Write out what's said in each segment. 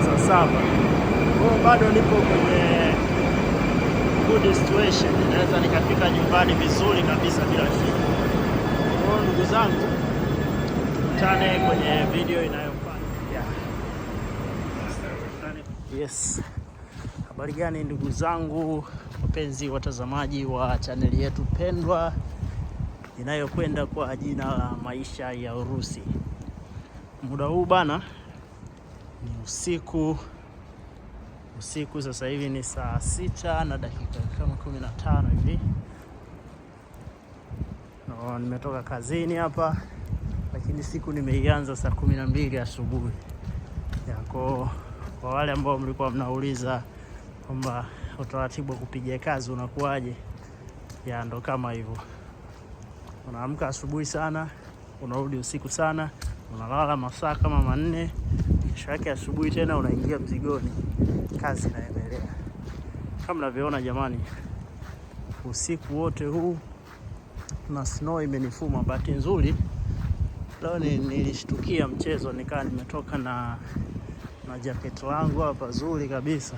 mpaka saa saba. Kwa hiyo bado nipo kwenye good situation, naweza nikafika nyumbani vizuri kabisa bila shida. Kwa hiyo ndugu zangu, tukutane kwenye video inayofuata. Yeah. Yes. Habari gani ndugu zangu, wapenzi watazamaji wa chaneli yetu pendwa inayokwenda kwa jina la Maisha ya Urusi. Muda huu bana ni usiku usiku, sasa hivi ni saa sita na dakika kama kumi na tano hivi. No, nimetoka kazini hapa lakini siku nimeianza saa kumi na mbili asubuhi yako. Kwa wale ambao mlikuwa mnauliza kwamba utaratibu wa kupiga kazi unakuwaje, ya ndo kama hivyo, unaamka asubuhi sana, unarudi usiku sana, unalala masaa kama manne Kesho yake asubuhi tena unaingia mzigoni, kazi inaendelea kama mnavyoona jamani. Usiku wote huu na snow imenifuma. Bahati nzuri leo nilishtukia mchezo, nikaa nimetoka na, na jaketi langu hapa zuri kabisa,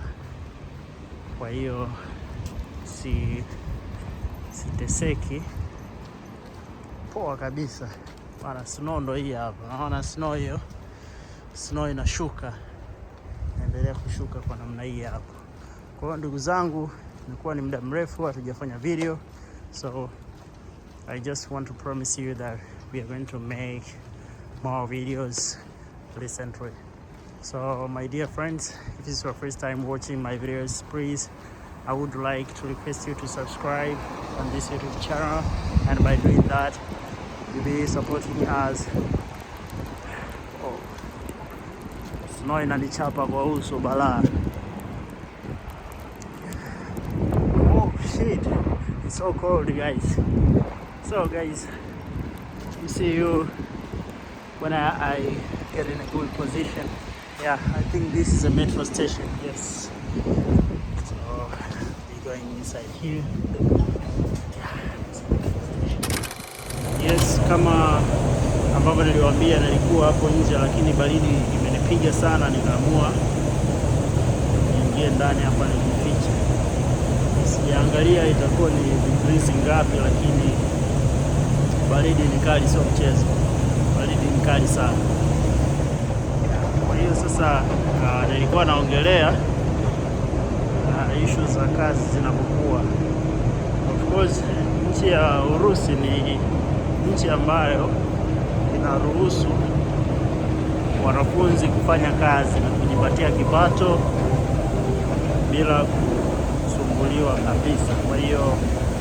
kwa hiyo si siteseki, poa kabisa. mana snow ndo hii hapa, naona snow hiyo snow inashuka, naendelea kushuka kwa namna hii hapa. Kwa hiyo ndugu zangu, imekuwa ni muda mrefu hatujafanya video, so I just want to promise you that we are going to make more videos recently. So my dear friends, if this is your first time watching my videos, please I would like to request you to subscribe on this YouTube channel and by doing that you'll be supporting us no inanichapa kwa uso balaa. Oh shit, it's so cold guys. So guys, you see you when I, I get in a good position. Yeah, I think this is a metro station. Yes. So we're going inside here. Yes, kama ambavyo niliwaambia nilikuwa hapo nje lakini baridi Nilipiga sana, nikaamua niingie ndani hapa nijifiche. Sijaangalia itakuwa ni degrees ngapi, lakini baridi ni kali, sio mchezo. Baridi ni kali sana. Kwa hiyo sasa uh, nilikuwa naongelea uh, ah, issue za kazi zinapokuwa, of course, nchi ya Urusi ni nchi ambayo inaruhusu wanafunzi kufanya kazi na kujipatia kipato bila kusumbuliwa kabisa. Kwa hiyo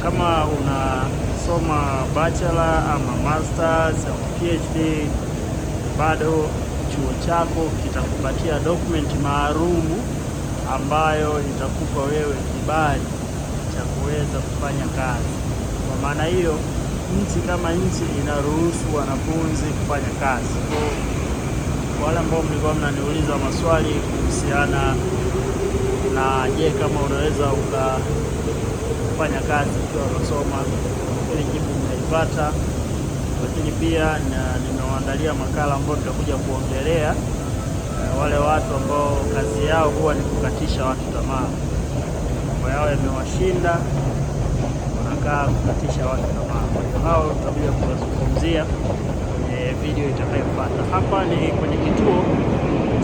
kama unasoma bachelor ama masters au PhD, bado chuo chako kitakupatia document maalum ambayo itakupa wewe kibali cha kuweza kufanya kazi. Kwa maana hiyo, nchi kama nchi inaruhusu wanafunzi kufanya kazi wale ambao mlikuwa mnaniuliza maswali kuhusiana na je, kama unaweza ukafanya kazi ukiwa unasoma, ili jibu mnaipata, lakini pia nimewaandalia makala ambayo nitakuja kuongelea eh, wale watu ambao kazi yao huwa ni kukatisha watu tamaa. Mambo yao yamewashinda, wanakaa kukatisha watu tamaa. Kwa hiyo hao tutakuja kuwazungumzia video itakayofuata. Hapa ni kwenye kituo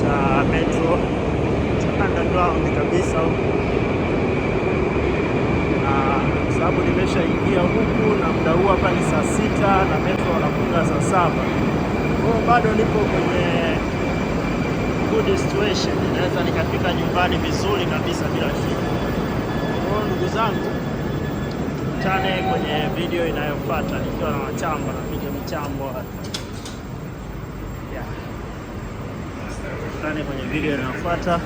cha metro cha underground kabisa huku, na sababu nimeshaingia huku na muda huu hapa ni saa sita na metro wanafunga saa saba kwa bado nipo kwenye good situation, naweza nikafika nyumbani vizuri kabisa bila shida. Kwa ndugu zangu, tukutane kwenye video inayofuata nikiwa na wachamba na piga michambo yeah. kwenye video inayofuata.